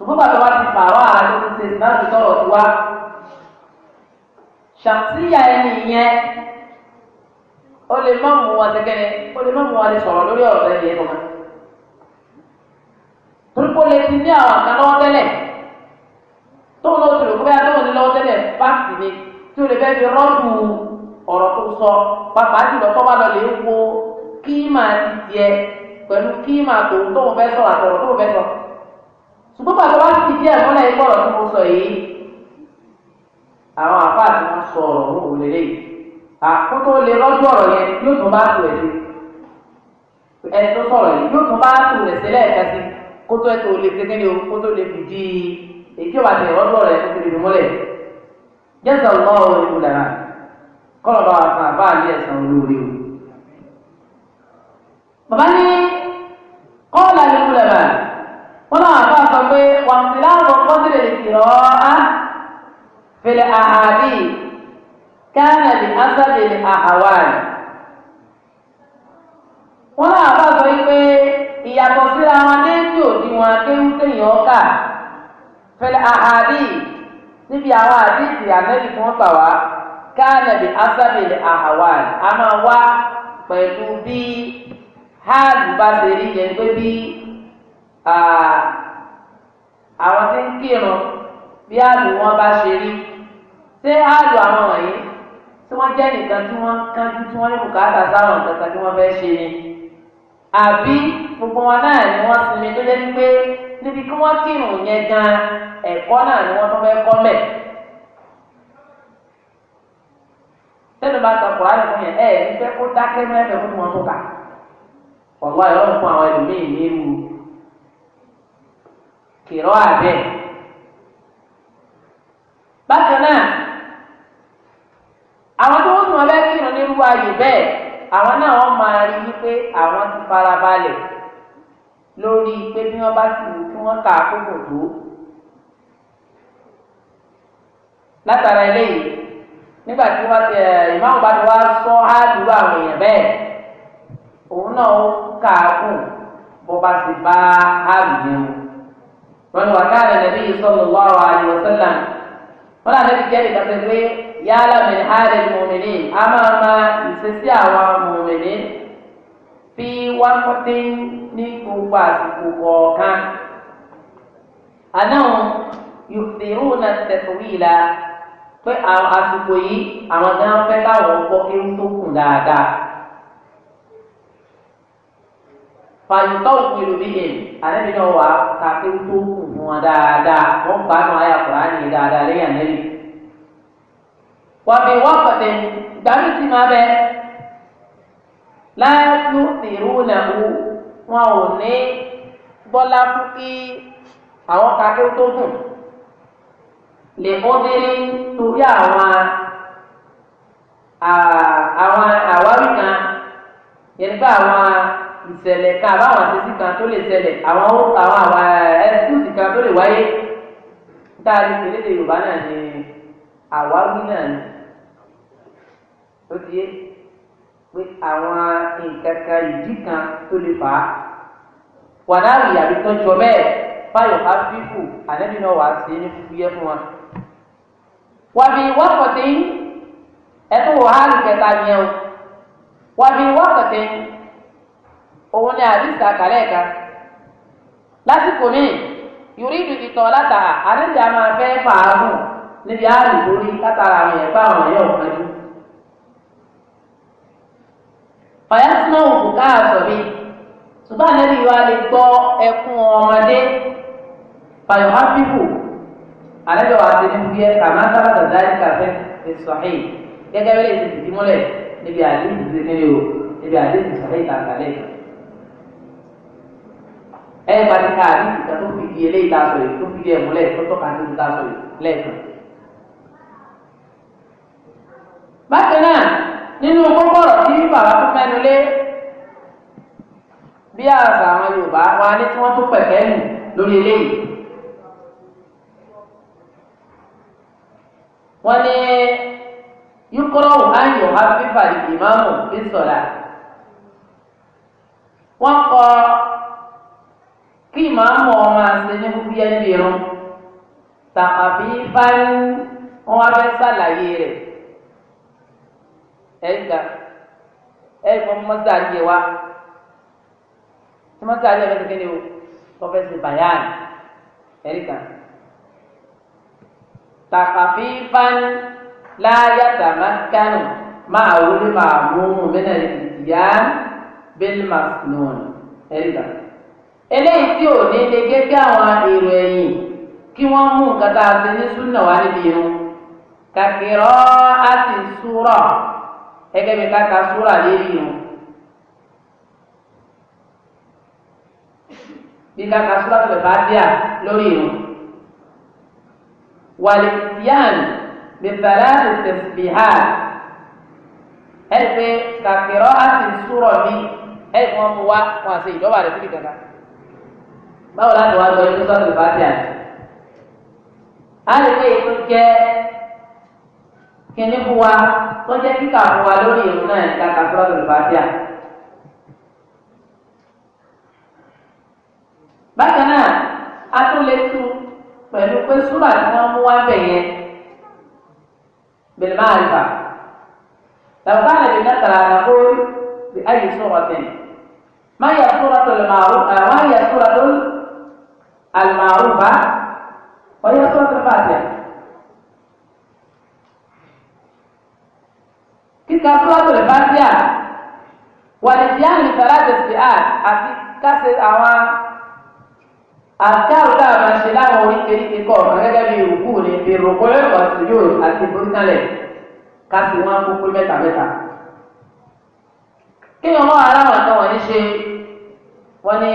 ṣùgbọ́n bàtà wa ti pààrọ̀ ara ló ti ṣe láti tọrọ tó wá ṣàtìyà ẹni yẹn ó lè má mú wa tẹkẹrẹ ó lè má mú wa lè sọ̀rọ̀ lórí ọ̀rọ̀ rẹ yẹn lọ́wọ́ torípò lè ti ní àwọn àgbà lọ́wọ́ tẹ́lẹ̀ tóun náà ti rò pé àtọ́wọ̀n ní lọ́wọ́ tẹ́lẹ̀ fáàkì ni tí o lè fẹ́ fi rọ́ọ̀dù ọ̀rọ̀ tó sọ pàápàá jùlọ tó bá lọ lè wo kí màá ti tiẹ̀ pẹ̀lú kí màá tòun tóun fẹ́ ṣùgbọ́n pàtó wá ti díẹ̀ mọ́lẹ̀ ìgbọ̀rọ̀ tí mo sọ yìí àwọn àpá àti wọn sọ ọ̀rọ̀ mú òun lélẹ́yìí àkótó lè rọ́jú ọ̀rọ̀ yẹn yóò tún bá tù ẹ̀ sí ẹni tó sọ̀rọ̀ yìí yóò tún bá tù rẹ̀ sí lẹ́ẹ̀kan sí kótó ẹ̀ tó lè tẹ́kẹ́ ní o kótó lè fìdí èké wà ní rọ́jú ọ̀rọ̀ yẹn tó fi lè mọ́lẹ̀ jẹ́sà ọ̀gbọ́n ọ̀rọ̀ ìlú dára bá san àbá àlẹ́ ẹ̀sán olóore o. bàbá ní sọ pé wàsíláàmù kọ́sílẹ̀ ìkìrọ̀ á fìlẹ̀ àhàbí kánà lè ásàbì àhàwáì. wọ́n náà bá sọ pé ìyàtọ̀ síra wọn dé tí òdiwọ̀n akéwùtẹ̀yìn ọ̀kà fìlẹ̀ àhàbí níbi àwọn àdìsí àmẹ́bí tí wọ́n gbà wá kánà lè àhàwáì a máa wá pẹ̀lú bí háàlù bá ṣe rí yẹn pé bí àwọn tí ń kírun bí àlù wọn bá ṣe rí ṣé àlù àwọn wọ̀nyí tí wọ́n jẹ́ nìkan tí wọ́n kánjú tí wọ́n ní bùkátà sáwọn nǹkan kan tí wọ́n fẹ́ ṣe ni àbí gbogbo wọn náà ni wọ́n sinmi tó jẹ́ pé níbi kí wọ́n kírun yẹn gan ẹ̀kọ́ náà ni wọ́n tún fẹ́ kọ́ mẹ́ẹ̀. tẹ́lẹ̀ bá ta kùránì fún yẹn ẹ̀ ẹ̀ ń fẹ́ kó dákẹ́ mẹ́fẹ̀ẹ́ fún wọn tó kà ọ̀gbọ́n ẹ̀ lọ́nà fún àwọn ẹlòmíì ní kìrọ́ àbẹ́ bákan náà àwọn tó ń sùn ọbẹ̀ kírun ní ayé bẹ́ẹ̀ àwọn náà wọ́n máa rí wípé àwọn ti farabalẹ̀ lórí pé bí wọ́n bá ti wù kí wọ́n kà á tó látara eléyìí nígbà tí eh, wá sọ àwọn èèyàn òun náà ó ka bó ti bá yẹn wọn ni wà káàlẹ̀ nàbí sallallahu alaihi wasallam wọn làwọn ẹbí jẹ́rìí kan ṣe pé yálà min hàlẹ̀ mùmìnì a máa ma ìṣesí àwọn mùmìnì fi wọ́n ti ní gbogbo àsìkò kọ̀ọ̀kan. àdáhùn yòkùtìrú na tẹ̀síwìlà pé àsìkò yìí àwọn gan fẹ́ káwọn kọ́ kí n tó kù fàyùtọ̀ òkèlò bí ẹ̀ ànábì náà wà kàkéwù tó kù fún wọn dáadáa wọn gbà nù ayé àkùrá yìí dáadáa lẹ́yìn ànábì. wàbí wọ́n pẹ̀tẹ́ gbàmí sí máa bẹ láàyò tèrú nàwó wọn ò ní bọ́lá fún kí àwọn kàkéwù tó kù lè mọ́dẹ́rẹ́ torí àwọn àwọn àwárí kan yẹn bá àwọn ìṣẹ̀lẹ̀ kan àbáwọn àṣẹṣí kan tó lè ṣẹlẹ̀ àwọn àwọn àwọn ẹ̀sìkúùsì kan tó lè wáyé tá a lè ṣe lédè Yorùbá náà ni àwáwí náà ni ó ti yé pé àwọn nǹkan kan ìdí kan tó lè fà á wàdàrí àbí tọ́jú bẹ́ẹ̀ fáyọ̀ bá fífò ànẹ́bí náà wàá ṣe ní fúfúyẹ́ fún wa. wàbí wákọ̀tí ẹ̀tún wàhálì kẹta yẹn o wàbí wákọ̀tí òun ni àdìsí àkàlẹ̀ ẹ̀ka lásìkò míì yòrídù ìtọ̀ látà àdìsí àmà fẹ́ fàáhùn níbi àrùn lórí látara àwọn ẹ̀fọ́ àwọn ẹ̀yọ́ òkàdú. ọ̀yá sínú òkú káàsọ̀ mi ṣùgbọ́n àlẹ́ yìí wá lè gbọ́ ẹkún ọmọdé fàyọ̀ áfíkù àlẹ́ yìí wá lè fi ẹ̀ kàmá sábà dàdáyé kàfẹ́ ìsọ̀hìn gẹ́gẹ́ bí lè ti tìtì mọ́lẹ̀ níbi àdìsí ti o níbi àdìsí ìsọ̀hìn kàkàlẹ́ yìí ẹ bá ti ká àdìsí kan tó fi di eléyìí dáa sọ̀rọ̀ tó fi di ẹ̀múlẹ̀ tó tọ́ka ní ti dáa sọ̀rọ̀ lẹ́ẹ̀kan. bákan náà nínú kókòrò tí bàbá tó fẹ́ nulẹ̀ bí àṣà àwọn Yorùbá wọn ní tí wọ́n tó pẹ̀kẹ́ nù lórí eléyìí. wọ́n ní yúkọ́rọ̀ wáyọ̀ hafi fàdí ìmáàmù bí sọ̀rọ̀ wọ́n kọ́ kí ìmáàmù ọmọ àṣẹ ní kúkú yẹn bí irun tàbí báyìí wọn wá fẹ́ ṣàlàyé rẹ̀ ẹ̀gbà ẹ̀gbọ́n mọ́sálì wa tí mọ́sálì ẹ̀fẹ́ kékeré o wọ́n fẹ́ ṣe bàyàn ẹ̀ríkà tàbí báyìí láyà tàmákánù máa wúlò máa mú un mẹ́nà ìyá bẹ́ẹ̀ máa nù ẹ̀ríkà eléyìí tí ò ní lè gé kí àwọn èrò ẹ̀yìn kí wọ́n mú nǹkan tá a ṣe ní súnà wá níbi irun kàkìrọ́ á sì súrà gẹ́gẹ́ bí káka súrà lérí irun. bí káka súrà tó lè bá díà lórí irun. wàlìyàn bìtàlá ti tẹ̀sí ha ẹ pé kàkìrọ́ á sì súrà mi ẹ kàn mú wa wọn àti ìjọba rẹ̀ síbi kankan báwo láti wá gbọ́ inú sọ́ọ̀tù fàtíà ni a lè lé ètò jẹ́ kíní fún wa tó jẹ́ kíkà fún wa lórí ìlú náà ní kàkà sọ́ọ̀tù fàtíà. bákan náà a tún lè tú pẹ̀lú pé súrà tí wọ́n mú wá bẹ̀ yẹn bẹ̀rẹ̀ máa rí fà. làbùkà lè dín náà ayé sọ̀rọ̀ tẹ̀. máyà sọ̀rọ̀ tó lè máa wáyà sọ̀rọ̀ tó المعروفة وهي سورة الفاتحة kíka sọ́ọ̀tù ìbáṣíà wà ní díà ní fẹ́lájẹsì àt àti káṣe àwọn àkáwù tá a máa ṣe láwọn oríkèéríkè kọ̀ọ̀kan gẹ́gẹ́ bí ìrùkù ní ìrùkù ọ̀sùn yóò àti ìbúrúkálẹ̀ káṣe wọn kúkú mẹ́ta mẹ́ta. kí ni wọ́n aráwọ̀ náà wọ́n ní ṣe wọ́n ní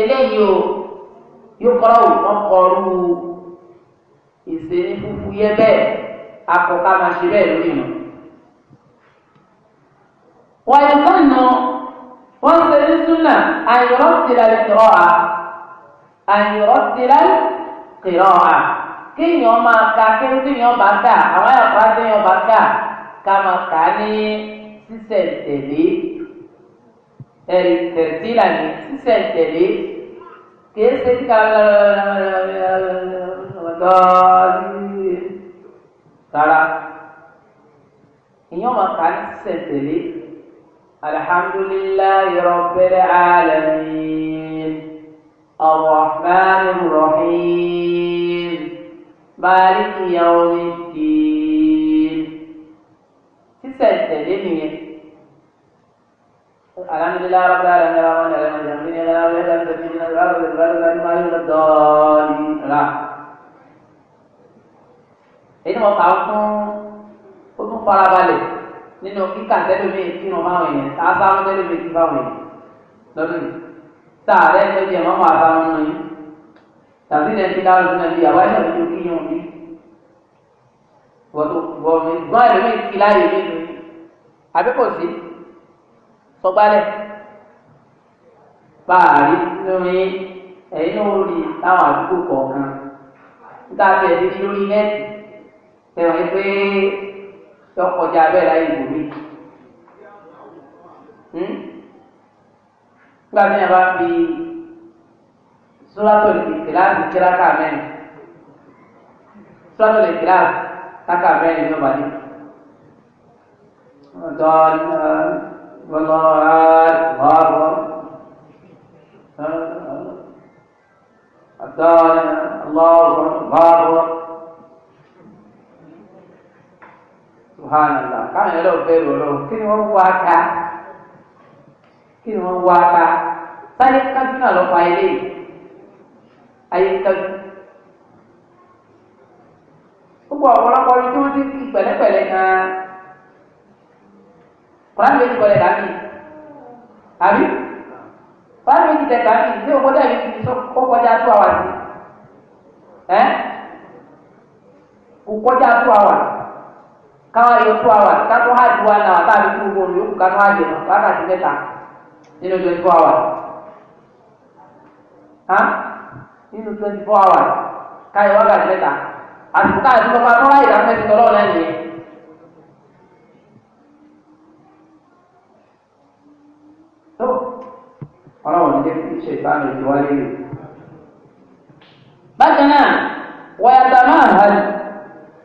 eléyìí o yóò kọ́ra òun wọn kọrú ìṣe ní fúfú yẹ bẹ́ẹ̀ akọ̀ká máa ṣe bẹ́ẹ̀ lórí wọn. wọ́n yẹ sọ́nà wọ́n ṣe ní súnà àyọ̀rọ̀ tìlà ìtọ́ à àyọ̀rọ̀ tìlà ìtọ́ a kéèyàn máa ka kéèyàn bá kà àwọn àyàkọ́ àtẹ̀yàn bá kà ká máa kà á ní sísẹ̀ntẹ̀lé ẹ̀rì tẹ̀rẹ̀tìlà ní sísẹ̀ntẹ̀lé kìí ṣe tí kára ọ̀dọ́ọ̀lì rárá ìyẹn wọn kà ní sẹ̀tẹ̀lé alihamdulilayi rabbil alamin arrahmanir rahim maliki yawmiddin sísẹ̀tẹ̀lé nìyẹn. الحمد لله رب العالمين الرحمن الرحيم الحمد لله رب العالمين الحمد لله رب العالمين ما يولد الضالين لا èyí wọn kà á fún ó tún farabalẹ̀ nínú kíkà tẹlifí kírun máwọn èèyàn tá a sáwọn tẹlifí kí fáwọn èèyàn lọ́dún yìí tá a rẹ ń tẹjẹ mọmọ àtàwọn ọmọ yìí tàbí ilẹ̀ ti dáhùn sí nàbí àwọn ẹ̀sán tó kí yín òbí wọ́n mi gbọ́n ẹ̀rọ mi kí láàyè mi lóyún àbí kò sí sọgbálẹ̀ báàrí lórí ẹ̀yìn lórí táwọn àdúgbò kọ̀ọ̀kan níta tí ẹ̀ ti lórí nẹ́ẹ̀tì tẹ̀wọ̀n pé yọ kọjá abẹ́rẹ́ láyé ìbòmí. Hmm? nígbà tí yẹn bá fi sóràtò ìkìláàsì kíláàkà mẹ́rin sóràtò ìkìláàsì kíláàkà mẹ́rin ló bàjẹ́. والله أكبر حتى الله أكبر subhanallah káwọn yẹn lọ bẹ̀rù Ọlọ́run kí ni wọn wá ká kí ni wọn wá ká sáyé kájú náà lọ fa ilé ayé kájú gbogbo ọ̀pọ̀lọpọ̀ ọdún tí wọ́n ti ń kí pẹ̀lẹ́pẹ̀lẹ́ gan-an kọ́láàmù méjì kọ́lẹ̀ láàmì àbí kọ́láàmù méjì tẹ̀ láàmì ní òkú dàbí ti ó kọjá tó àwà sí ẹ́ kò kọjá tó àwà káwá yọ tó àwà kátó hajj wa náà táàbí tó gbogbo olùyókù kátó hajj náà wákàtí mẹ́ta nínú twenty four hours nínú twenty four hours káyọ̀ wákàtí mẹ́ta àti káyọ̀ tó bá tó láyé ìdáfẹ́ ti tọ́lọ́ náà nìyẹn. ṣètánù tí wọ́n lérò. bákan náà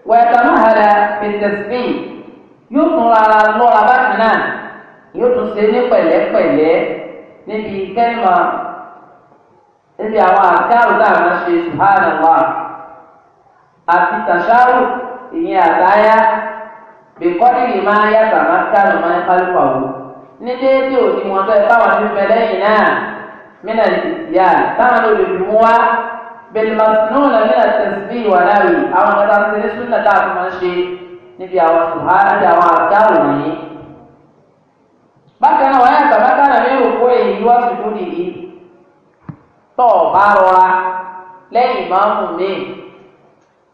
wàyàtàmá hàlà pẹ̀tẹ̀sìn yóò tún rárá lọ́ra bákan náà yóò tún ṣe ní pẹ̀lẹ́pẹ̀lẹ́ níbi kẹ́mà níbi àwọn àkàrò tá a máa ṣe subhanallah àti tàṣàrò ìyẹn àdáyá bìkọ́lì yìí máa yàtọ̀ àmàkàrò máa ń kálùpàwò ní déédéé òdiwọ̀n tó ẹ báwọn ti fẹ́ lẹ́yìn náà. من الاتيان تعلو للموى بالمسنون من التسبيح ونبي او مدرسه السنه تعرف ما شيء نبي او سبحان نبي او اذكار ني bákan náà wọn yàtọ̀ bákan náà lérò kó èyí wá sùdúrì yìí tó o bá rọra lẹ́yìn ìmáàmù mi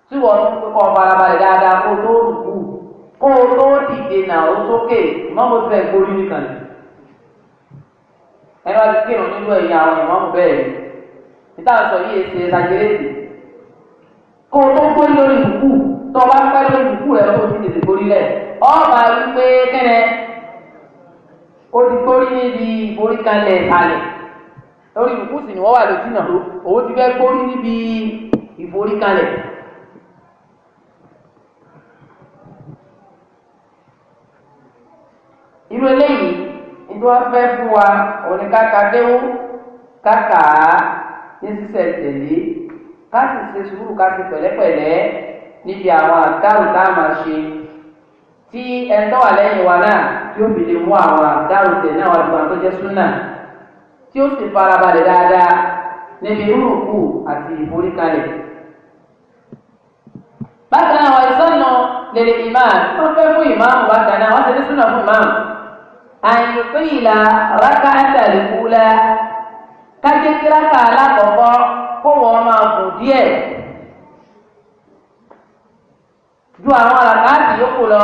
tí wọ́n tún kọ́ farabalẹ̀ dáadáa kó tó rù kú kó o tó dìde náà ó sókè ìmáàmù gbórí nìkan nìyí ẹni wá ti kírun nínú ẹ̀yìn àwọn ìmọ̀ọ́mù bẹ́ẹ̀ ni níta sọ yìí ṣe ṣàkíyèsí kó o tó gbé lórí ìbùkù tó o bá pẹ́ lórí ìbùkù rẹ kó o ti tètè borí lẹ̀ ọ bá rí pé kẹ́nẹ́ o ti borí níbi borí kan lẹ̀ ìsàlẹ̀ lórí ìbùkù sì ni wọ́n wà lójú náà owó ti fẹ́ borí níbi ìborí kan lẹ̀. irú eléyìí ìdí wọn fẹ́ fún wa òní káka déwú káka ní sísẹ̀ tẹ̀lé ká sì ṣe sùúrù ká sì pẹ̀lẹ́pẹ̀lẹ́ níbi àwọn àdáhùn tá a máa ṣe tí ẹ̀ńtọ́ wà lẹ́yìn wa náà tí ó bìlẹ̀ mú àwọn àdáhùn tẹ̀ náà wà lùgbà tó jẹ́ súnà tí ó sì farabalẹ̀ dáadáa níbi rúrùkù àti ìforíkalẹ̀. bákan náà wọ́n ìsọ́nà lèrè ìmáà wọ́n fẹ́ fún ìmáàmù bákan náà wọ́n ti ní súnà fún ìmáàmù àyìnfìlà rákà àtàlùkúlà kájẹ́kí rákà alákọ̀ọ́kọ́ kó wọ́n máa gùn díẹ̀ ju àwọn àràkáàtì yòókù lọ.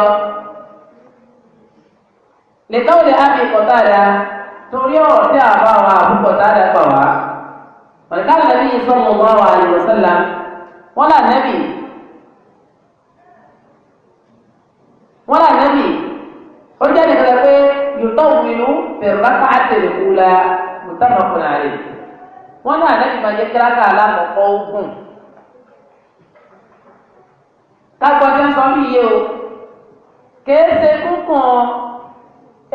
nìkan ò lè ábí kọ̀tàdà torí ọ̀rọ̀ tí a bá wa àbú kọ̀tàdà gbà wá. Màlíkà nàbí sọ́mu wá wa àlè wọ́sálà là nẹ́bì wọ́n là nẹ́bì ó jẹ́ nìkan pé. يطول في الركعة الأولى متفق عليه وأنا نجم يكرك على مقوم kágbọ́dé sọ mí yé o kèé ṣe kúkàn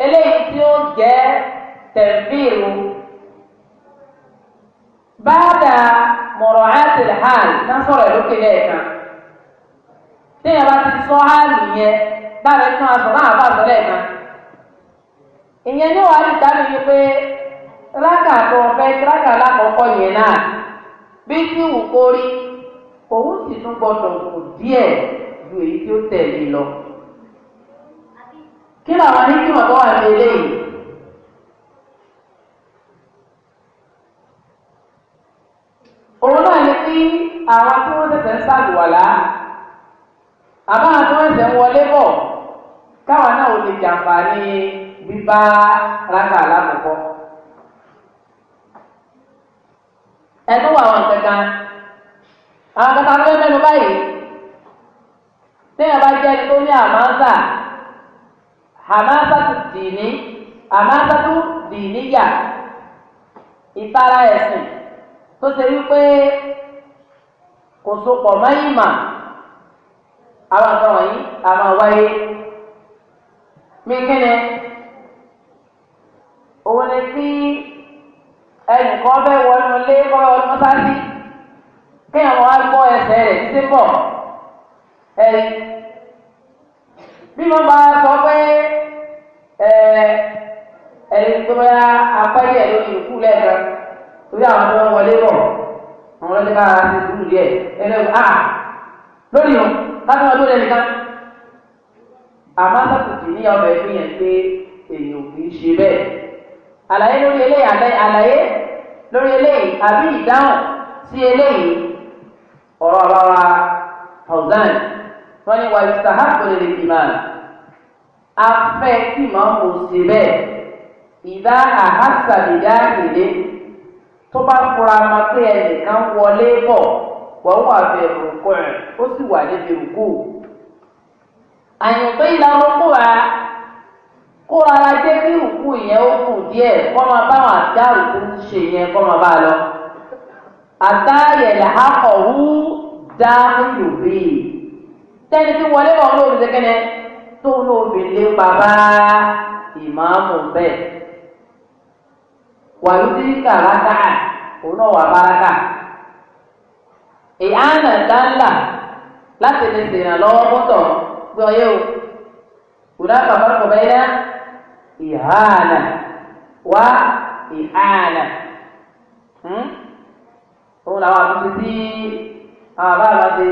eléyìí tí ó jẹ́ tẹ̀fíìrù báàdà mọ̀rọ̀ àtìlẹ̀ hàn náà sọ̀rọ̀ lókè lẹ́ẹ̀kan téèyàn bá ti sọ hàn yẹn báàbẹ̀ tí wọ́n sọ náà bá sọ lẹ́ẹ̀kan ìyẹn ní wàá dìtà mi wípé tíráàkà tó ń fẹ́ tíráàkà lákọ̀ọ́kọ́ yẹn náà bí tí wù kó rí òun sì tún gbọdọ̀ kù díẹ̀ ju èyí tí ó tẹ̀lé lọ. kí làwọn oníkìmọ̀ tó wà ní eléyìí? òun náà ní kí àwọn tí wọ́n tẹ̀sẹ̀ ń ṣàlùwàlá àbáwọn tí wọ́n tẹ̀sẹ̀ ń wọlé bọ̀ káwọn náà ò lè jàǹfà ní. bíbá rákà lákòókò. ẹnu wà wọn kankan àwọn kankan ló mẹ́nu báyìí téèyàn bá jẹ́ ẹni tó ní àmánsà àmánsà tó dì ní àmánsà tó dì níyà ìtara ẹ̀sìn tó ṣe wípé kò so pọ̀ mọ́ ìmọ̀ àwọn nǹkan wọ̀nyí òun ni kí ẹnìkan fẹ́ wọnú ilé kọ́fẹ́ wọnú kí àwọn agbọ́ ẹsẹ̀ rẹ̀ títí pọ̀ ẹ̀rí bí wọ́n bá sọ pé ẹ̀rí lẹ́ẹ̀kan torí àwọn wọlé bọ̀ àwọn ọlọ́dẹ ká ti dúró díẹ̀ lórí láti wọn lórí ẹnìkan àmọ́ sọ́kùtì ní ọmọ ẹ̀mí yẹn pé èèyàn kì í ṣe bẹ́ẹ̀. àlàyé lórí eléyìí àbẹ àlàyé lórí eléyìí àbí ìdáhùn sí eléyìí ọ̀rọ̀ àbáwá Fauzan wọ́n ní wàá ìsàhábò lè lè bìmọ̀ afẹ́ tí màá mọ̀ sí bẹ́ẹ̀ ìdá àhásàbìdá ìdè tó bá fura ma pé ẹnìkan wọlé bọ̀ wọ́n wà bẹ̀ rùkú ẹ̀ ó sì wà níbi rùkú àyìnbó ìlànà kó wa kó ara jẹ́ kí òkú yẹn ó kù díẹ̀ kó máa bá wọn àdá òkú ṣe yẹn kó máa bá a lọ. àtàyẹ̀ làákọ̀ wú dá ìlúbí tẹ́ni tí wọlé wọn ló ń sẹ́kẹ́nẹ́ tó ń lóbi lépa bá ìmáàmù bẹ́ẹ̀. wàlúdíríkà rákà òun náà wà bá rákà. ìhánà dáńlà láti lè ṣèrànlọ́wọ́ mọ́tò gbé ọyẹ́ o. هناك فرق بين إهانة وإحانة hmm? òun làwọn àtúntò tí àwọn bàbá bá ṣe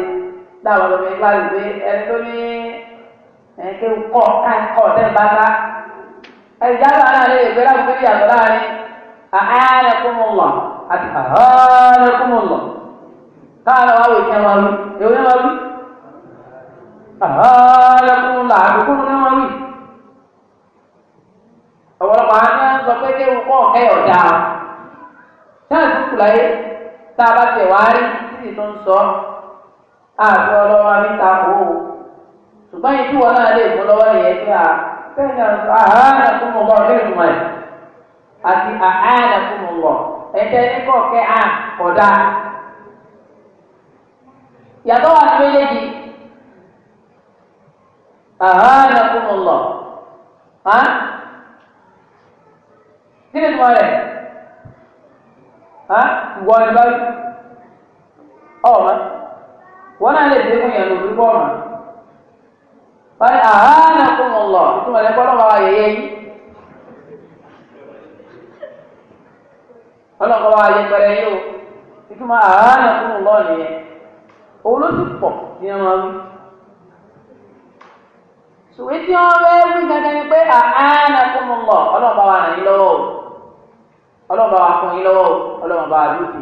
dáwọn ọmọ ẹgbẹ́ àti pé ẹni tó ní ẹnìké kọ́ káńkọ́ tẹ́ǹbàtà ẹni jábọ̀ náà lè gbé láti gbé yàtọ̀ láàrin àárẹ̀ kúmùlọ̀ àti àárẹ̀ kúmùlọ̀ káwọn àwọn àwọn ìṣẹ́ lù èwo ni wọn lù àárẹ̀ kúmùlọ̀ àti kúmùlọ̀ wọn lù ọ̀pọ̀lọpọ̀ àwọn náà ń sọ pé kéwù kọ́ ọ̀kẹ́ ọ̀dà sáàsì kùláyé tá a bá tẹ̀ wá rí títí tó ń sọ àti ọlọ́wọ́ àbí ta kó o ṣùgbọ́n ìtú wọn náà lè mú lọ́wọ́ nìyẹn pé à bẹ́ẹ̀ ni àwọn àhánà fún mi lọ bẹ́ẹ̀ mọ̀ ẹ̀ àti àhánà fún mi lọ ẹ̀jẹ̀ ní kọ́ à ọ̀dà yàtọ̀ wà ní méjèèjì àhánà fún mi lọ kí oh, ni ìtumọ̀ rẹ̀ ìwọ ni báyìí ọ̀ma wọn náà lè dé fún yẹn lórí bọ́ọ̀mà wọn ni àhánà fún un lọ ìtumọ̀ rẹ̀ kọ́ lọ́wọ́ ayẹyẹ yìí ọlọ́kọ̀ wa ayẹyẹ pẹrẹ yìí o ìtumọ̀ àhánà fún un lọ nìyẹn òun ló ti pọ̀ ní ẹran wí sùwé tí wí gẹ́gẹ́ ni pé àhánà fún un lọ ọlọ́kọ̀ wa nà ọlọ́run bá wa kún yín lọ́wọ́ ọlọ́run bá wa lùtì.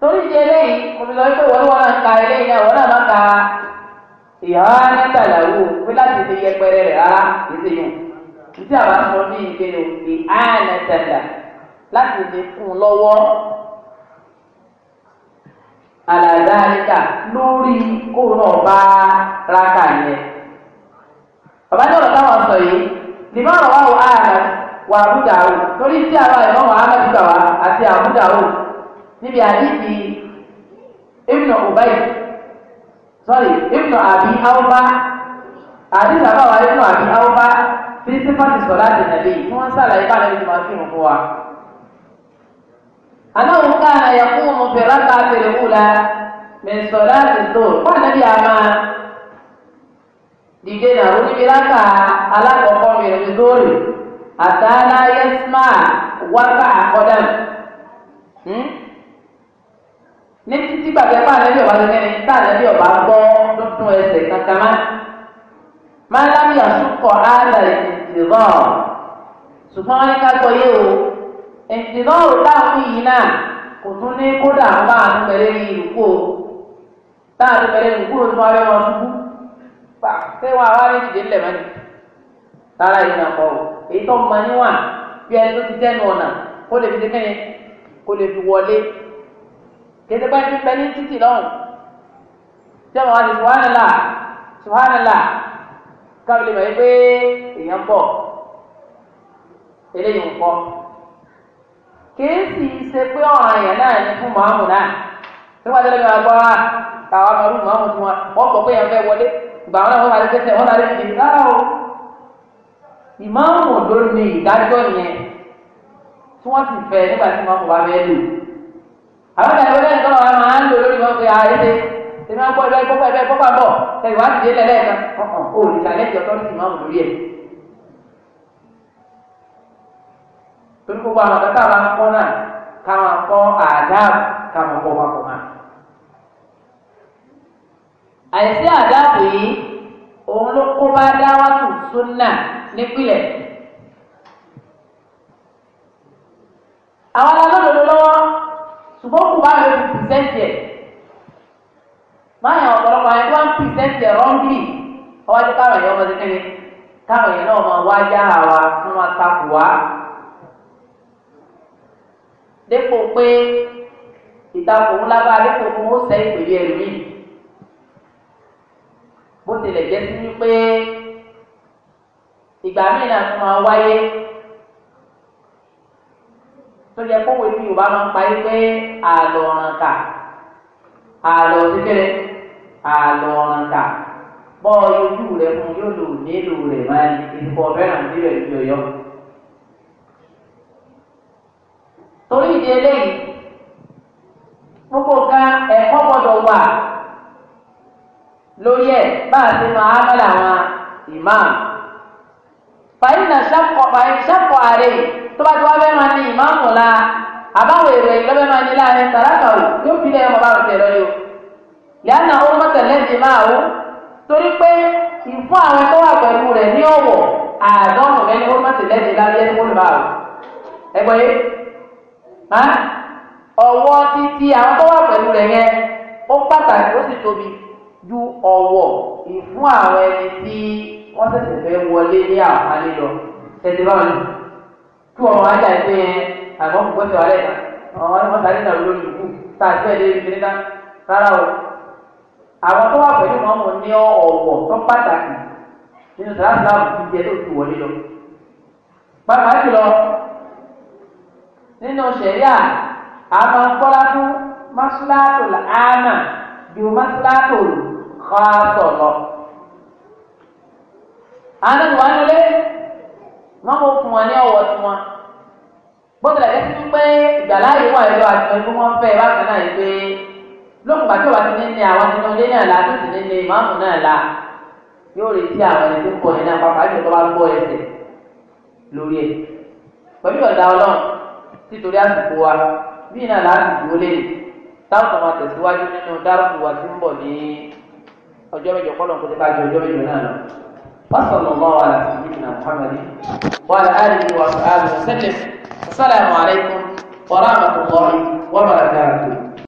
torí ti eléyìí mo fi lọ pé wọ́n wọ́n náà ka eléyìí náà wọ́n náà má ka ìyàwó anẹ́tàláwò pé láti fi yẹpẹrẹ rẹ̀ rárá ètò yìí títí àbá sọ ní ìgbéyàwó pé anẹ́tàlá láti fi kún lọ́wọ́ àlàdáríkà lórí kóun náà bá rákà yẹn. bàbá náà lọ táwọn sọ yìí. lima rawahu ahmad wa abu dawud torí sí àwọn ìmọ̀mọ̀ ahmad gbà wá àti abu dawud níbi àdìsí ibnu ubay sorry abi awba àdìsí àbáwá abi awba fi sífàtì sọ̀rọ̀ àti nàbí wọ́n sàlàyé bá nàbí tìmọ̀ sí òkú wa. anáwó káà yẹ kó mo fẹ́ rákà ìgbéra oníbíláka alákọ̀ọ́kọ́ rẹ̀ ti lóòrè àtàlá yẹ́símà wákà àkọ́dà hmm? ní títí gbàgbé pa àlẹ́ bí ọba lẹ́nu tá àlẹ́ bí ọba gbọ́ tuntun ẹsẹ̀ kankan má máa lábì àsúkọ̀ áàdà ìtìrọ̀ ṣùgbọ́n wọn ní ká gbọ́ yé o ìtìrọ̀ ò dáhùn yìí náà kò tún ní kódà ń bá àtúpẹ̀lẹ́ yìí rúkú o táà àtúpẹ̀lẹ́ rúkú o tún wá fẹ́ wọn ṣubú ṣé wọn àwa lè dìde ńlẹ̀ mọ́ni yìí náà kọ́ ọ èyí tó mọ níwọ̀n bí ẹni tó ti dẹ́nu ọ̀nà kó lè fi dékẹ́yẹ kó lè fi wọlé kéde ti pẹ́ ní títì lọ́hùn tí àwọn àti subhanala subhanala kábílì mọ̀ pé èèyàn ń eléyìí ń kọ́ kéésì ṣe pé ọ̀ràn èèyàn náà ni fún màmù náà tí ah, wọ́n ti lọ́ọ́ gbọ́ káwọn ọmọ rúùmù àwọn tí wọ́n gbọ́ pé èèyàn fẹ́ wọlé ìgbà wọn náà wọn àrẹ tẹsẹ wọn àrẹ tẹsẹ rárá o ìmáàmù ló ní ìdájọ́ yẹn tí wọ́n sì fẹ́ nígbà tí ìmáàmù wà bẹ́ẹ̀ lò àwọn ìdájọ́ bẹ́ẹ̀ ní sọ́wọ́ máa ń lò lórí wọn pé ààrẹ ṣe ṣe máa ń gbọ́ ẹgbẹ́ pọ́pọ́ ẹgbẹ́ pọ́pọ́ àbọ̀ ṣe ìwà ti délẹ̀ lẹ́ẹ̀kan ọ̀hún ò ní ìsàlẹ̀ ti ọ̀tọ́ ní ìmáàmù lórí ẹ̀ torí gbogbo àwọn kẹta àwọn akọ náà káwọn akọ àdáàbò káwọn akọ wọn kọ máa. àìsí àdáàbò yìí òun ló kó bá dáwàtú súnà nípìnlẹ̀. àwọn alólòdó lọ́wọ́ ṣùgbọ́n kò bá lè pìrìsẹ́ǹtì ẹ̀ báyọ̀ ọ̀pọ̀lọpọ̀ àyẹ̀kọ́ wọn pìrìsẹ́ǹtì ẹ̀ rọ́ǹgì ọwọ́ ti káwọn èèyàn ọmọdé kéré káwọn èèyàn náà máa àwa takò wá. dépò pé ìtakò ńlá bá ó sẹ́yìn ẹ̀rù yìí. bó tilẹ̀ jẹ́ sí wípé ìgbà míì náà tún máa wáyé tó yẹ kó wípé yorùbá máa ń parí pé àlọ́ ọ̀ràn kà àlọ́ kékeré àlọ́ ọ̀ràn kà bọ́ ojú rẹ̀ fún yóò lò nílò rẹ̀ máa ní ìdìbò fẹ́ràn nílò ìdí ọ̀yọ́. torí ìdí eléyìí gbogbo nǹkan ẹ̀kọ́ gbọ́dọ̀ wà lórí ẹ̀ bá a ti máa hábàlà àwọn ìmáàmù. fàyín náà ṣàkọ fàyín ṣàkọ àárẹ̀ tó bá ti wá bẹ́ẹ̀ máa ní ìmáàmù la àbáwọ̀ èrò ẹ̀ lọ́bẹ̀ máa ní láàrin tàràkà o yóò fi lẹ́yìn ọmọ bá rò tẹ̀lé o. yàrá ó mọ̀tẹ̀lẹ́ ti máa o torí pé ìfún àwọn tó wà pẹ̀lú rẹ̀ ní ọ̀wọ̀ àádọ́rùn mẹ́ni ó mọ̀tẹ̀lẹ́ ti lábẹ́ tó lè máa o. ẹ gbọ́ yé ọwọ́ títí àwọn tó wà pẹ̀lú rẹ̀ yẹn ó pàtàkì ó sì tóbi ju ọ̀wọ̀ ìfún àwọn ẹni tí wọ́n ṣẹ̀ṣẹ̀ fẹ́ wọlé ní àpálẹ́ lọ ẹ̀dí báwọn ni kí ọmọ ajá ẹgbẹ́ yẹn àmọ́ kò gbọ́dọ̀ alẹ́ náà ọmọ wọn sáré náà lórí ìlú tá a fẹ́ lé ibi níná rárá o àwọn tó wà pẹ̀lú wọn mọ̀ ní ọ̀wọ̀ tó pàtàkì nínú sàrásàrà ti jẹ tó ti wọlé lọ pàápàá jùlọ nínú sẹ̀ríà àmọ́ kọ́lá fún mọ́ṣáláàtò àmà ju mọ́ṣáláàtò rò xaasọ̀ lọ. àánú wa ń lé wọn kò fún wa ní ọwọ́ tí wọn bọ́dọ̀ lẹ́yìn tí pé ìgbàláyè wà lọ àti ẹgbẹ́ wọn fẹ́ bákan náà yìí pé lókùnbà tí wàá ti ní ní àwọn nínú ilé náà la tó sì ní ní ìmáàmù náà la yóò retí àwọn ẹni tó pọ̀ nínú àpapọ̀ àti ìjọba gbọ́ ẹsẹ̀ lórí ẹ̀ pẹ̀lú ọ̀dà ọlọ́run títorí àsìkò wa bí náà láti dúró lé táwọn ọmọ tẹ̀síwájú ọjọ́ mẹ́jọ kọ́ lọ́n kó ti وصلى الله على سيدنا محمد وعلى اله وصحبه وسلم السلام عليكم ورحمه الله وبركاته